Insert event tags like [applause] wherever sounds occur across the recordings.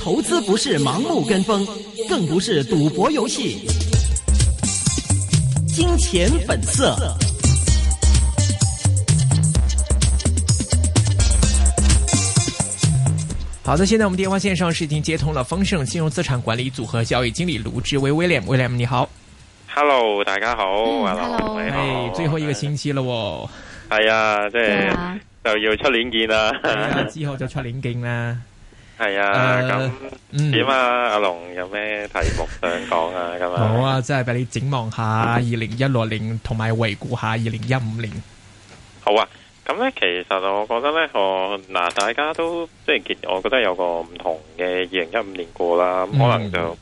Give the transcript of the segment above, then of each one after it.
投資不是盲目跟風，更不是賭博遊戲。金錢本色。好的，現在我們電話線上是已經接通了。豐盛金融資產管理組合交易經理盧志威 William，William 你好。Hello，大家好。嗯，Hello，你好。最後一個星期了哦。係啊，即係。就要出年見啦，之後就出年見啦。係 [laughs] 啊，咁、呃、點啊？嗯、阿龍有咩題目想講啊？咁啊，好啊，即係俾你展望下二零一六年，同埋回顧下二零一五年。好啊，咁咧，其實我覺得咧，我嗱、呃，大家都即係，我覺得有個唔同嘅二零一五年過啦。咁可能就、嗯、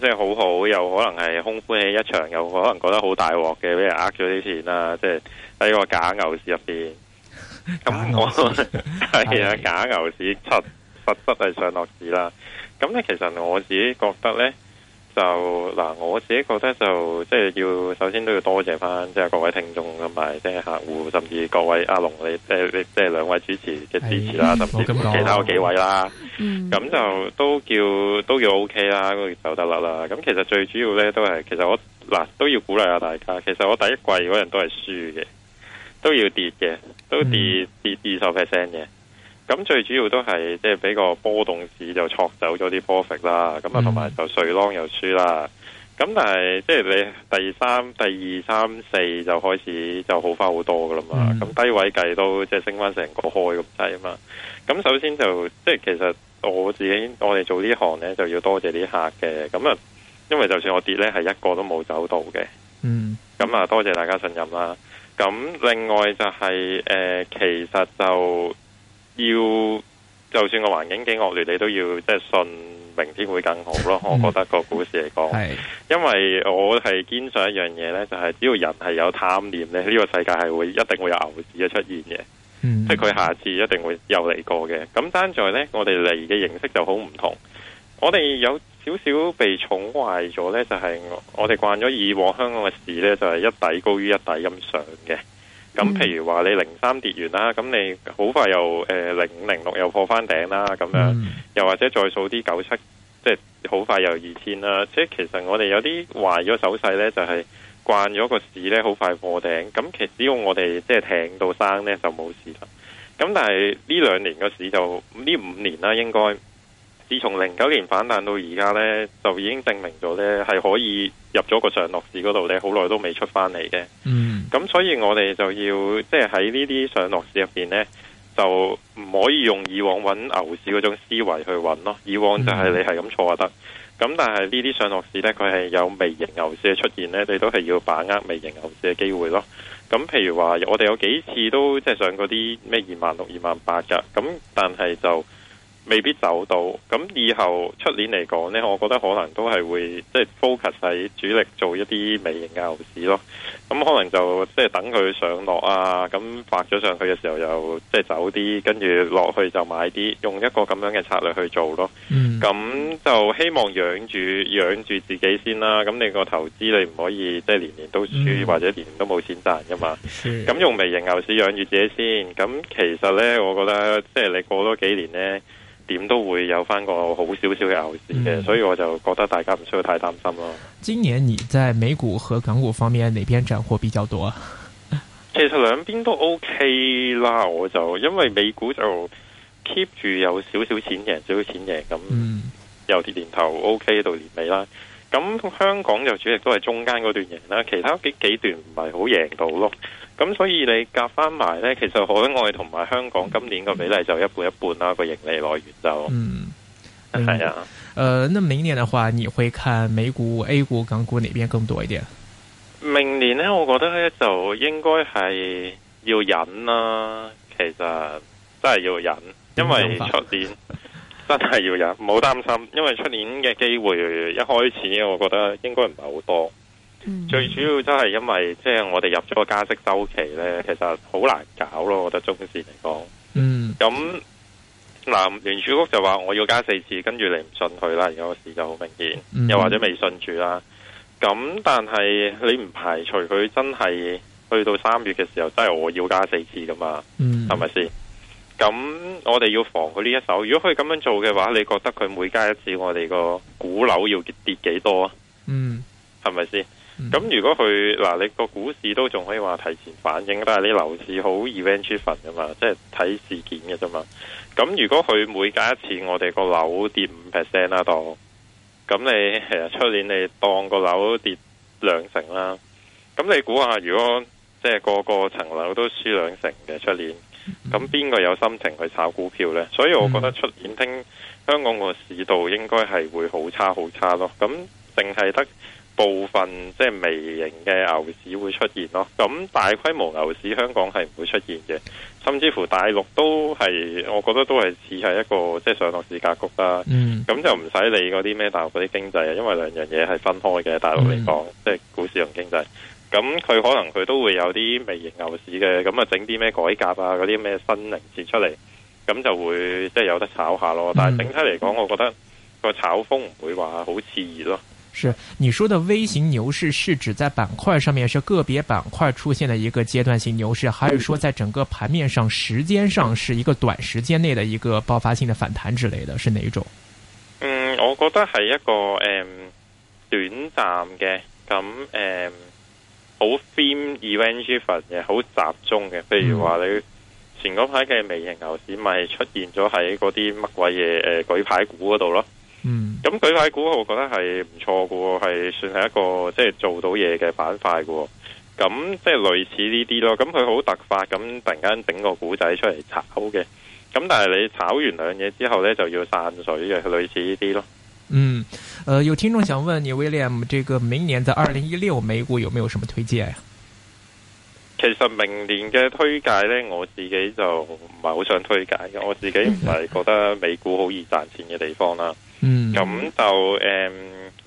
即係好好，又可能係空歡喜一場，又可能覺得好大鑊嘅，俾人呃咗啲錢啦，即係喺個假牛市入邊。咁我係啊假牛市七 [laughs] [laughs] 實質係上落市啦。咁咧，其實我自己覺得咧，就嗱，我自己覺得就即係要首先都要多謝翻即係各位聽眾，同埋即係客戶，甚至各位阿龍你即係即係兩位主持嘅支持啦，甚至其他有幾位啦。咁、嗯、就都叫都叫 O K 啦，就得啦啦。咁其實最主要咧都係，其實我嗱都要鼓勵下大家。其實我第一季嗰人都係輸嘅。都要跌嘅，都跌跌二十 percent 嘅。咁、嗯、最主要都係即係俾個波動市就戳走咗啲波幅啦。咁、嗯、啊，同埋就瑞郎又輸啦。咁但係即係你第三、第二三四就開始就好翻好多噶啦嘛。咁、嗯、低位計都即係升翻成個開咁滯啊嘛。咁首先就即係其實我自己我哋做呢行咧，就要多謝啲客嘅。咁啊，因為就算我跌咧，係一個都冇走到嘅。嗯。咁啊，多謝大家信任啦。咁另外就係、是、誒、呃，其實就要就算個環境幾惡劣，你都要即係信明天會更好咯、嗯。我覺得個股市嚟講，係因為我係堅信一樣嘢咧，就係、是、只要人係有貪念咧，呢、這個世界係會一定會有牛市嘅出現嘅、嗯。即係佢下次一定會又嚟過嘅。咁單在咧，我哋嚟嘅形式就好唔同。我哋有。少少被寵壞咗呢，就係、是、我哋慣咗以往香港嘅市呢，就係、是、一底高於一底咁上嘅。咁譬如話你零三跌完啦，咁你好快又誒零五零六又破翻頂啦，咁樣、嗯、又或者再數啲九七，即係好快又二千啦。即、就、係、是、其實我哋有啲壞咗手勢呢，就係慣咗個市呢，好快破頂。咁其實只要我哋即係挺到生呢，就冇事啦。咁但係呢兩年個市就呢五年啦，應該。自從零九年反彈到而家呢，就已經證明咗呢係可以入咗個上落市嗰度呢，好耐都未出翻嚟嘅。咁、嗯、所以我哋就要即係喺呢啲上落市入邊呢，就唔可以用以往搵牛市嗰種思維去搵咯。以往就係你係咁錯就得，咁但係呢啲上落市呢，佢係有微型牛市嘅出現呢，你都係要把握微型牛市嘅機會咯。咁譬如話，我哋有幾次都即係上嗰啲咩二萬六、二萬八噶，咁但係就。未必走到咁，以後出年嚟講呢，我覺得可能都係會即係 focus 喺主力做一啲微型嘅牛市咯。咁可能就即係等佢上落啊，咁發咗上去嘅時候又即係走啲，跟住落去就買啲，用一個咁樣嘅策略去做咯。咁、嗯、就希望養住養住自己先啦。咁你個投資你唔可以即係年年都輸，嗯，或者年年都冇錢賺噶嘛。咁用微型牛市養住自己先。咁其實呢，我覺得即係你過多幾年呢。點都會有翻個好少少嘅牛市嘅，嗯，所以我就覺得大家唔需要太擔心咯。今年你在美股和港股方面，哪邊斬獲比較多啊？ [laughs] 其實兩邊都 OK 啦，我就因為美股就 keep 住有少少錢贏，少少錢贏咁，由年頭 OK 到年尾啦。咁香港就主要都係中間嗰段贏啦，其他幾幾段唔係好贏到咯。咁所以你夾翻埋呢，其實海外同埋香港今年個比例就一半一半啦，個盈利來源就嗯係 [laughs] 啊，誒、呃，咁明年的話，你會看美股、A 股、港股哪邊更多一點？明年呢，我覺得呢，就應該係要忍啦。其實真係要忍，因為出年、嗯、年、 [laughs] 年真係要忍，唔好擔心，因為出年嘅機會一開始，我覺得應該唔係好多。嗯、最主要都係因為即係、就是、我哋入咗個加息周期呢，其實好難搞咯。我覺得中綫嚟講，嗯，咁嗱，聯儲局就話我要加四次，跟住你唔信佢啦，而家個市就好明顯、嗯，又或者未信住啦。咁但係你唔排除佢真係去到三月嘅時候，真係我要加四次噶嘛？係係咪先？咁我哋要防佢呢一手。如果佢咁樣做嘅話，你覺得佢每加一次，我哋個股樓要跌幾多啊？嗯，係咪先？咁如果佢嗱，你個股市都仲可以話提前反映，但係你樓市好 event-driven 噶嘛，即係睇事件嘅啫嘛。咁如果佢每隔一次，我哋個樓跌五 percent 啦，當咁你誒，出年你當個樓跌兩成啦。咁你估下，如果即係個個層樓都輸兩成嘅出年，咁邊個有心情去炒股票呢？所以我覺得出年聽香港個市道應該係會好差好差咯。咁淨係得。部分即係、就是、微型嘅牛市會出現咯，咁大規模牛市香港係唔會出現嘅，甚至乎大陸都係，我覺得都係似係一個即係、就是、上落市格局啦。咁、嗯、就唔使理嗰啲咩大陸嗰啲經濟啊，因為兩樣嘢係分開嘅。大陸嚟講，即、嗯、係、就是、股市同經濟，咁佢可能佢都會有啲微型牛市嘅，咁啊整啲咩改革啊，嗰啲咩新名詞出嚟，咁就會即係、就是、有得炒下咯、嗯。但係整體嚟講，我覺得個炒風唔會話好熾熱咯。是你說的微型牛市是指在板塊上面是個別板塊出現的一個階段性牛市，還是說在整個盤面上時間上是一個短時間內的一個爆發性的反彈之類的是哪一種？嗯，我覺得係一個誒、嗯、短暫嘅，咁誒好 eventful 嘅，好集中嘅。譬如話你前嗰排嘅微型牛市咪出現咗喺嗰啲乜鬼嘢誒舉牌股嗰度咯。嗯，咁舉牌股我覺得係唔錯嘅，係算係一個即係做到嘢嘅板塊嘅，咁即係類似呢啲咯。咁佢好突發，咁突然間整個股仔出嚟炒嘅，咁但係你炒完兩嘢之後呢，就要散水嘅，類似呢啲咯。嗯，誒、呃，有聽眾想問你，William，這個明年嘅二零一六美股有沒有什麼推介呀？其實明年嘅推介呢，我自己就唔係好想推介，我自己唔係覺得美股好易賺錢嘅地方啦。 [laughs] 咁、嗯、就誒，um,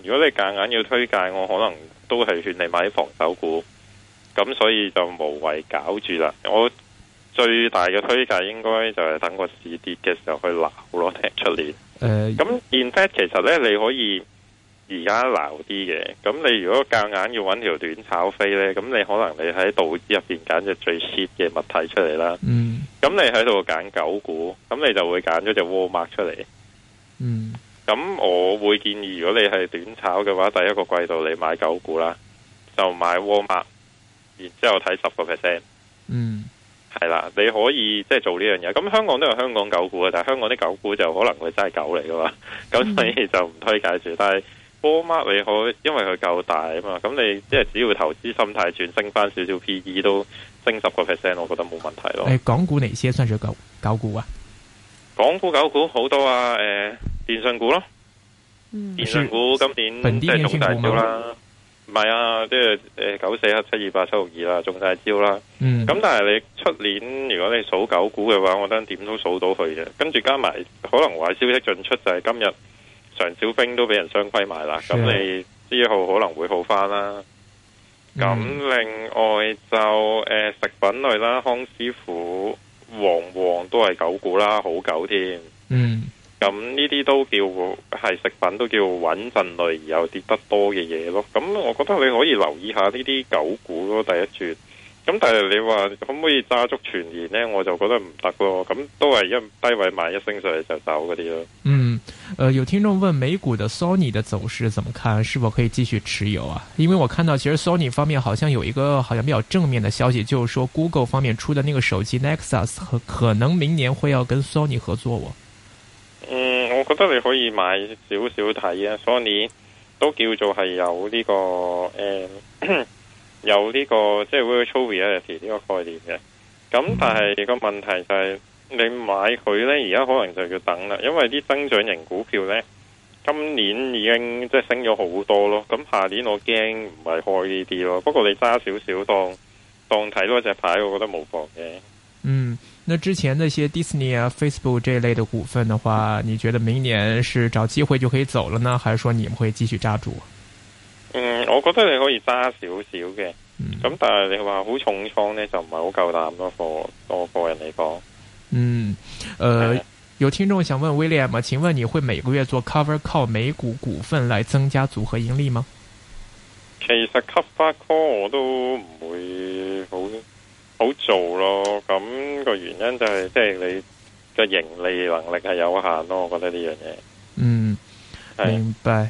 如果你夾硬要推介，我可能都係勸你買啲防守股。咁所以就無謂搞住啦。我最大嘅推介應該就係等個市跌嘅時候去撈咯，踢出嚟。誒，咁 in fact 其實咧，你可以而家撈啲嘅。咁你如果夾硬要揾條短炒飛咧，咁你可能你喺道指入邊揀隻最 shit 嘅物體出嚟啦。嗯。咁你喺度揀狗股，咁你就會揀咗隻 Walmart 出嚟。嗯。咁我會建議，如果你係短炒嘅話，第一個季度你買狗股啦，就買 Walmart，然之後睇十個 percent。嗯，係啦，你可以即係、就是、做呢樣嘢。咁香港都有香港狗股啊，但係香港啲狗股就可能佢真係狗嚟噶嘛，咁、嗯、所以就唔推介住。但係 Walmart 你可以，因為佢夠大啊嘛，咁你即係只要投資心態轉升翻少少 PE 都升十個 percent，我覺得冇問題咯。誒、呃，港股哪先，算咗狗狗股啊？港股狗股好多啊，誒、呃。電信股咯，嗯、電信股今年真係中大招啦，唔係啊，即係誒九四七七二八七六二九四一七二八七六二啦，中大招啦。咁、嗯、但係你出年如果你數九股嘅話，我覺得點都數到佢嘅。跟住加埋可能壞消息進出就係今日常小兵都俾人雙規埋啦，咁、啊、你之後可能會好翻啦。咁、嗯、另外就誒、呃、食品類啦，康師傅旺旺都係九股啦，好九添。嗯。咁呢啲都叫係食品，都叫穩陣類，又跌得多嘅嘢咯。咁我覺得你可以留意下呢啲狗股咯。第一注咁，但係你話可唔可以揸足全年呢？我就覺得唔得咯。咁都係一低位買，一升上嚟，就走嗰啲咯。嗯，誒、呃，有聽眾問美股的 Sony 的走勢怎麼看？是否可以繼續持有啊？因為我看到其實 Sony 方面好像有一個，好像比較正面的消息，就是說 Google 方面出的那個手機 Nexus 可能明年會要跟 Sony 合作。哦。我。嗯，我覺得你可以買少少睇啊，Sony 都叫做係有呢個誒，有呢個即係 Virtual reality 呢個概念嘅。咁但係個問題就係你買佢呢，而家可能就要等啦，因為啲增長型股票呢，今年已經即係升咗好多咯。咁下年我驚唔係開呢啲咯。不過你揸少少當當睇多隻牌，我覺得冇妨嘅。嗯，那之前那些 Disney 啊、Facebook 這類的股份的話，你覺得明年是找機會就可以走了呢，還是說你們會繼續揸住？嗯，我覺得你可以揸少少嘅，咁、嗯、但係你話好重倉咧就唔係好夠膽咯，我個人嚟講。嗯，呃，yeah. 有聽眾想問 William 嘛？請問你會每個月做 cover call 美股股份來增加組合盈利嗎？其實 cover call 我都唔會好。好做咯，咁、個原因就係、係、即係你個盈利能力係有限咯，我覺得呢樣嘢。嗯，係，明白。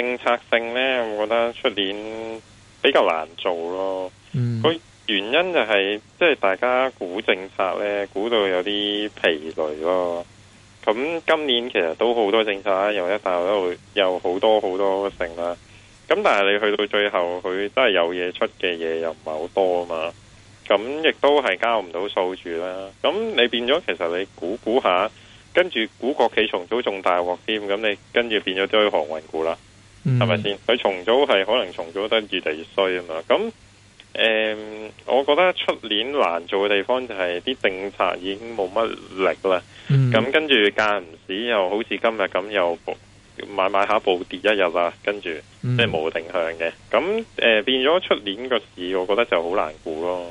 政策性呢，我覺得出年比較難做咯。個原因就係即係大家估政策呢，估到有啲疲累咯。咁今年其實都好多政策啊，又一帶又一路有好多好多嘅剩啦。咁但係你去到最後，佢真係有嘢出嘅嘢又唔係好多啊嘛。咁亦都係交唔到數住啦。咁你變咗其實你估估下，跟住估國企重組仲大鑊添。咁你跟住變咗都去航運股啦。係咪先？佢重組係可能重組得越嚟越衰啊嘛。咁誒、嗯，我覺得出年難做嘅地方就係啲政策已經冇乜力啦。咁、嗯嗯、跟住間唔時又好似今日咁又暴買買一下暴跌一日啦。跟住即係冇定向嘅。咁誒、呃、變咗出年個市，我覺得就好難估咯。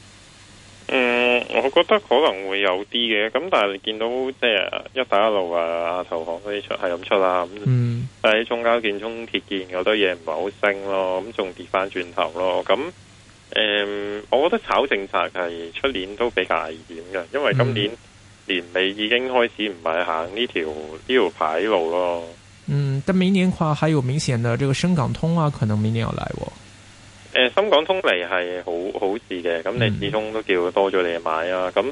我覺得可能會有啲嘅，咁但係你見到即係一帶一路啊、投行嗰啲出係咁出啦，咁、嗯、但係中交建、中鐵建有好多嘢唔係好升咯，咁仲跌翻轉頭咯。咁，誒、嗯，我覺得炒政策係出年都比較危險嘅，因為今年年尾已經開始唔係行呢條呢條牌路咯。嗯，但明年的話還有明顯的這個深港通啊，可能明年要來喎。誒，深港通嚟係好好事嘅，咁你始終都叫多咗你買啊！咁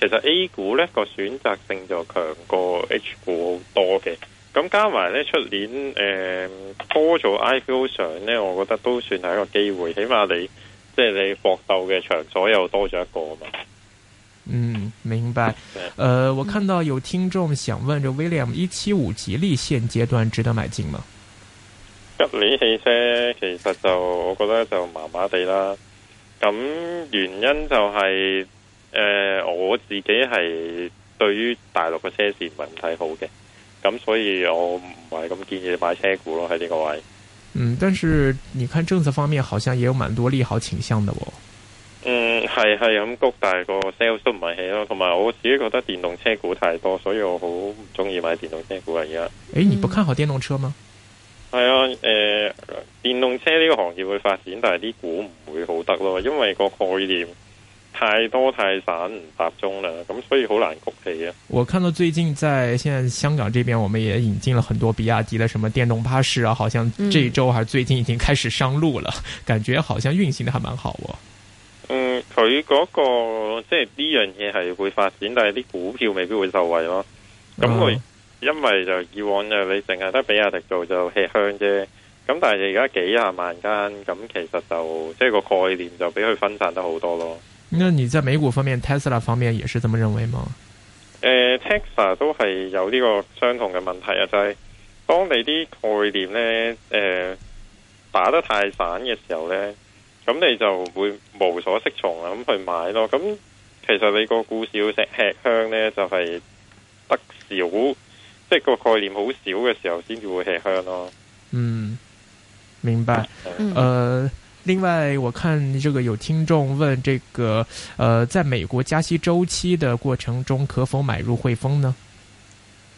其實 A 股咧個選擇性就強過 H 股好多嘅，咁加埋咧出年誒多咗 IPO 上咧，我覺得都算係一個機會，起碼你即係你搏鬥嘅場所又多咗一個啊嘛。嗯，明白。誒、呃，我看到有聽眾想問，就 William 一七五吉利現階段值得買進嗎？吉利汽車其實就我覺得就麻麻地啦，咁原因就係、是、誒、呃、我自己係對於大陸嘅車市唔係咁好嘅，咁所以我唔係咁建議你買車股咯喺呢個位。嗯，但是你看政策方面，好像也有蠻多利好傾向的喎、哦。嗯，係係咁，谷大個 sales 都唔係起咯，同埋我自己覺得電動車股太多，所以我好唔中意買電動車股啊而家。誒，你不看好電動車嗎？係啊，誒、呃，電動車呢個行業會發展，但係啲股唔會好得咯，因為個概念太多太散唔集中啦，咁所以好難谷氣啊。我看到最近在現在香港這邊，我們也引進了很多比亞迪的什麼電動巴士啊，好像這一周還最近已經開始上路了，嗯、感覺好像運行得還蠻好哦、啊。嗯，佢嗰、那個即係呢樣嘢係會發展，但係啲股票未必會受惠咯。咁因為就以往就你淨係得比亞迪做就吃香啫，咁但係而家幾十萬間咁，其實就即係個概念就俾佢分散得好多咯。那你在美股方面，Tesla 方面也是這麼認為嗎？誒、呃、，Tesla 都係有呢個相同嘅問題啊，就係、是、當你啲概念呢，誒、呃、打得太散嘅時候呢，咁你就會無所適從咁去買咯。咁其實你個故事要食吃，吃香呢，就係、是、得少。即這個概念好少嘅時候，先至會吃香咯。嗯，明白。嗯、呃，另外，我看這個有聽眾問，這個，呃，在美國加息週期的過程中，可否買入匯豐呢、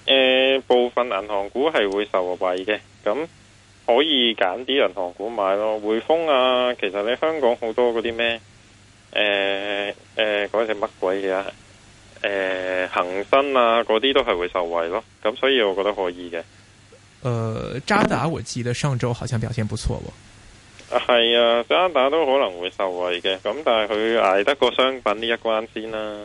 呃？部分銀行股係會受惠嘅，咁可以揀啲銀行股買咯。匯豐啊，其實你香港好多嗰啲咩，誒、呃、誒，嗰隻、呃、乜鬼嘢？誒、呃，恆生啊，嗰啲都係會受惠咯，咁所以我覺得可以嘅。誒、呃，渣打我記得上周好像表現不錯喎、哦。係、啊、係啊，渣打都可能會受惠嘅，咁但係佢捱得過商品呢一關先啦、啊。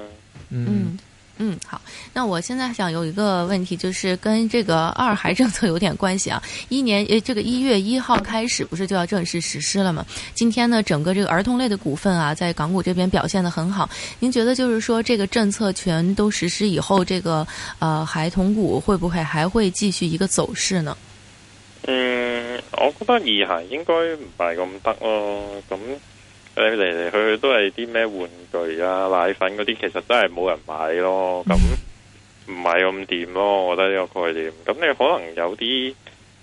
嗯。嗯，好。那我現在想有一個問題，就是跟這個二孩政策有點關係啊。一年，誒，這個一月一號開始不是就要正式實施了嗎？今天呢，整個這個兒童類的股份啊，在港股這邊表現得很好。您覺得就是說，這個政策全都實施以後，這個呃，孩童股會不會還會繼續一個走勢呢？嗯，我覺得二孩應該唔係咁得咯，咁、呃。嚟嚟去去都係啲咩玩具啊、奶粉嗰啲，其實真係冇人買咯。咁唔係咁掂咯，我覺得呢個概念。咁你可能有啲，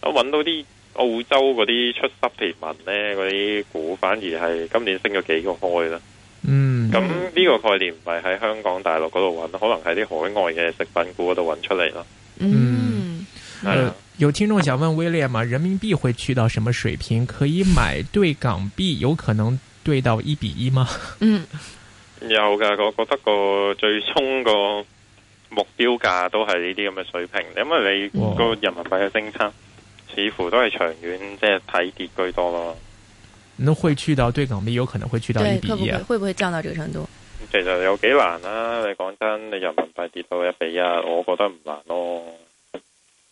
我搵到啲澳洲嗰啲出濕皮文呢，嗰啲股反而係今年升咗幾個開啦。嗯，咁呢個概念唔係喺香港大陸嗰度搵，可能喺啲海外嘅食品股嗰度搵出嚟啦。嗯，嗯、啊呃，有聽眾想問威廉嘛？人民幣會去到什麼水平可以買對港幣？有可能？對到一比一嗎？嗯， [laughs] 有嘅。我覺得個最終個目標價都係呢啲咁嘅水平，因為你個人民幣嘅升差似乎都係長遠，即係睇跌居多咯。都、嗯、會去到對港幣有可能會去到一比一，啊，會唔會降到這個程度？其實有幾難啦，啊，你講真，你人民幣跌到一比一，我覺得唔難咯。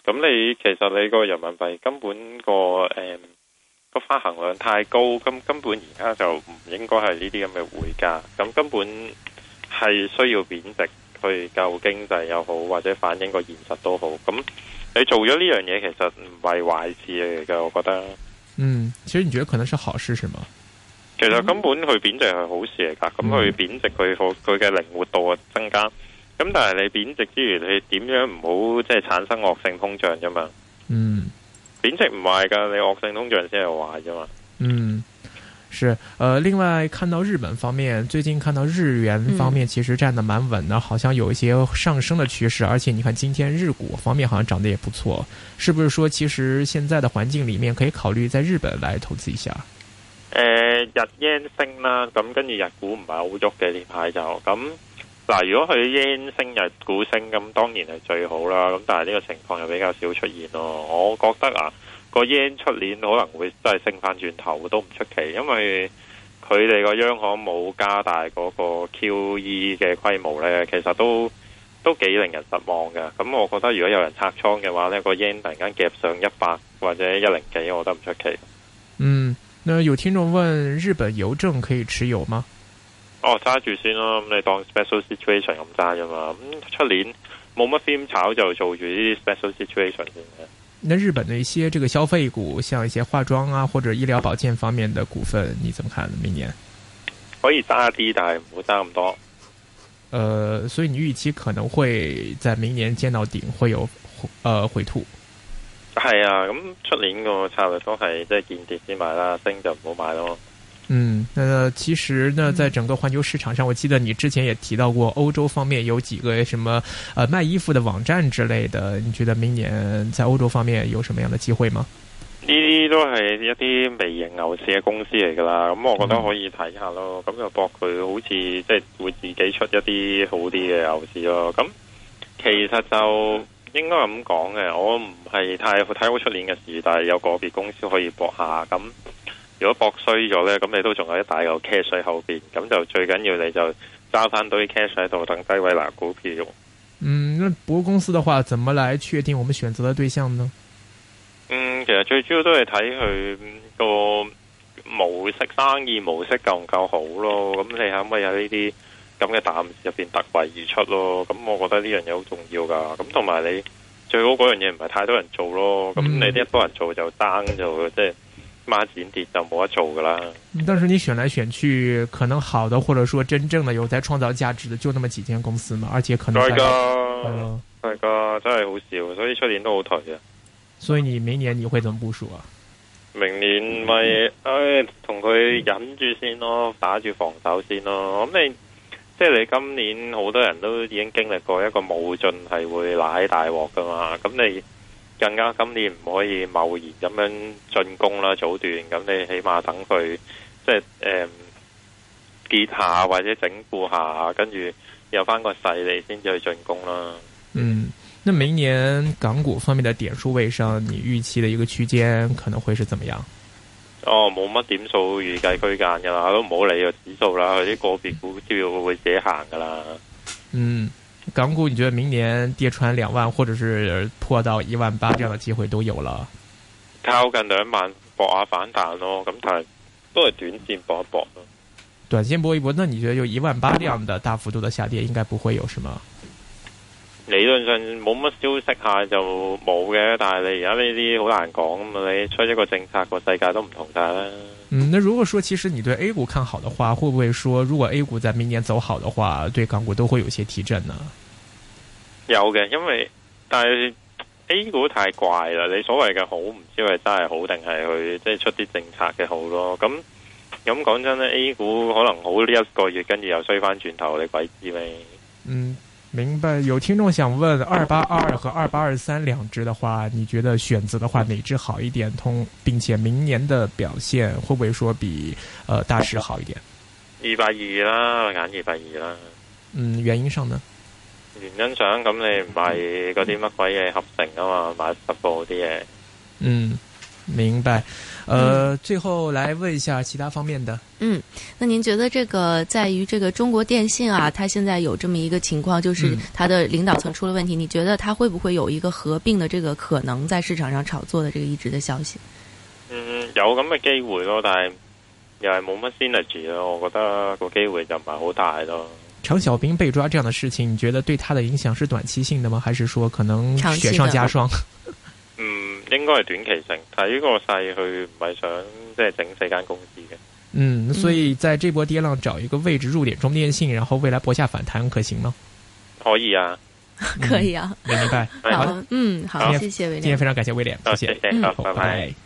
咁你其實你個人民幣根本個誒。呃個發行量太高，咁根本而家就唔應該係呢啲咁嘅回價，咁根本係需要貶值去救經濟又好，或者反映個現實都好。咁你做咗呢樣嘢，其實唔係壞事嚟嘅，我覺得。嗯，其實你覺得可能是好事是嗎？其實根本佢貶值係好事嚟噶，咁佢貶值佢好，佢嘅靈活度增加。咁但係你貶值之餘，你點樣唔好即係產生惡性通脹啫嘛？嗯。貶值唔壞噶，你惡性通脹先係壞啫嘛。嗯，是。呃，另外看到日本方面，最近看到日元方面其實站得蠻穩的，嗯、好像有一些上升的趨勢。而且，你看今天日股方面好像漲得也不錯，是不是說其實現在的環境裏面可以考慮在日本來投資一下？誒、呃，日 yen 升啦，咁跟住日股唔係好喐嘅呢排就咁。嗱，如果佢 yen 升，日股升咁，當然係最好啦。咁但係呢個情況又比較少出現咯。我覺得啊，個 yen 出年可能會真係升翻轉頭都唔出奇，因為佢哋個央行冇加大嗰個 QE 嘅規模呢，其實都都幾令人失望嘅。咁我覺得如果有人拆倉嘅話，呢個 yen 突然間夾上一百或者一零幾，我覺得唔出奇。嗯，那有聽眾問：日本郵政可以持有嗎？哦，揸住先咯，咁你當 special situation 咁揸啫嘛。咁出年冇乜 Theme 炒就做住啲 special situation 先。那日本的一些這個消費股，像一些化妝啊或者醫療保健方面的股份，你怎麼看明年？可以揸啲，但係唔好揸咁多。誒、呃，所以你預期可能會在明年見到頂，會有誒回吐。係啊，咁出年個策略都係即係見跌先買啦，升就唔好買咯。嗯，那、呃、其實呢，在整個環球市場上，我記得你之前也提到過歐洲方面有幾個什麼，呃賣衣服的網站之類的。你覺得明年在歐洲方面有什麼樣的機會嗎？呢啲都係一啲微型牛市嘅公司嚟噶啦，咁我覺得可以睇下咯，咁、嗯、就搏佢好似即係會自己出一啲好啲嘅牛市咯。咁其實就應該咁講嘅，我唔係太睇好出年嘅市，但係有個別公司可以搏下咁。那如果搏衰咗呢，咁你都仲有一大嚿 cash 喺後邊，咁就最緊要你就揸翻到啲 cash 喺度，等低位拿股票。嗯，咁博公司嘅話，怎麼來確定我們選擇的對象呢？嗯，其實最主要都係睇佢個模式、生意模式夠唔夠好咯。咁你可唔可以喺呢啲咁嘅答案入邊突圍而出咯？咁我覺得呢樣嘢好重要噶。咁同埋你最好嗰樣嘢唔係太多人做咯。咁你哋一多人做就 down 咗，即、嗯、係。就是孖展跌就冇得做噶啦。但是你選來選去，可能好的或者說真正的有在創造價值的就那麼幾間公司嘛，而且可能再個再個真係好少，所以出年都好頹啊。所以你明年你會怎麼部署啊？明年咪誒，同、嗯、佢、哎、忍住先咯，打住防守先咯。咁、嗯嗯、你即係、就是、你今年好多人都已經經歷過一個無盡係會瀨大鑊噶嘛，咁你。更加今年唔可以貿然咁樣進攻啦，早段咁你起碼等佢即係誒結下或者整固下，跟住有翻個勢嚟，先至去進攻啦。嗯，那明年港股方面的點數位上，你預期的一個區間可能會是怎麼樣？哦，冇乜點數預計區間噶啦，都唔好理個指數啦，啲個別股票會自己行噶啦。嗯。嗯港股，你覺得明年跌穿兩萬，或者是破到一萬八這樣的機會都有了？靠近兩萬搏下、啊、反彈咯，咁但係都係短線搏一搏咯、啊。短線搏一搏，那你覺得就一萬八這樣的大幅度的下跌，應該不會有什麼？理論上冇乜消息下就冇嘅，但係你而家呢啲好難講啊嘛，你出一個政策，個世界都唔同曬啦。嗯，那如果說其實你對 A 股看好的話，會不會說如果 A 股在明年走好的話，對港股都會有些提振呢？有嘅，因為但係 A 股太怪啦，你所謂嘅好唔知係真係好定係佢即係出啲政策嘅好咯。咁咁講真咧，A 股可能好呢一個月，跟住又衰翻轉頭，你鬼知咩？嗯，明白。有聽眾想問：二八二和二八二三兩隻嘅話，你覺得選擇嘅話，哪隻好一點？同並且明年的表現會唔會說比誒、呃、大市好一點？二八二啦，揀二八二啦。嗯，原因上呢？原因上，咁你買嗰啲乜鬼嘢合成啊嘛，買十部啲嘢。嗯，明白。呃、嗯，最後來問一下其他方面的。嗯，那您覺得這個在於這個中國電信啊，它現在有這麼一個情況，就是它的領導層出了問題、嗯，你覺得它會不會有一個合併的這個可能，在市場上炒作的這個一直的消息？嗯，有咁嘅機會咯，但係又係冇乜 synergy 咯，我覺得個機會就唔係好大咯。常小兵被抓這樣的事情，你覺得對他的影響是短期性的嗎？還是說可能雪上加霜？ [laughs] 嗯，應該是短期性，但呢個勢去，唔係想即係整死間公司嘅。嗯，所以在這波跌浪找一個位置入點中電信，然後未來搏下反彈可行嗎？可以啊，嗯、可以啊，明、嗯、白。 [laughs] 啊、 [laughs] [laughs] 好，嗯，好，好謝謝 William，今天非常感謝 William，謝謝，uh, 好，拜拜。Bye bye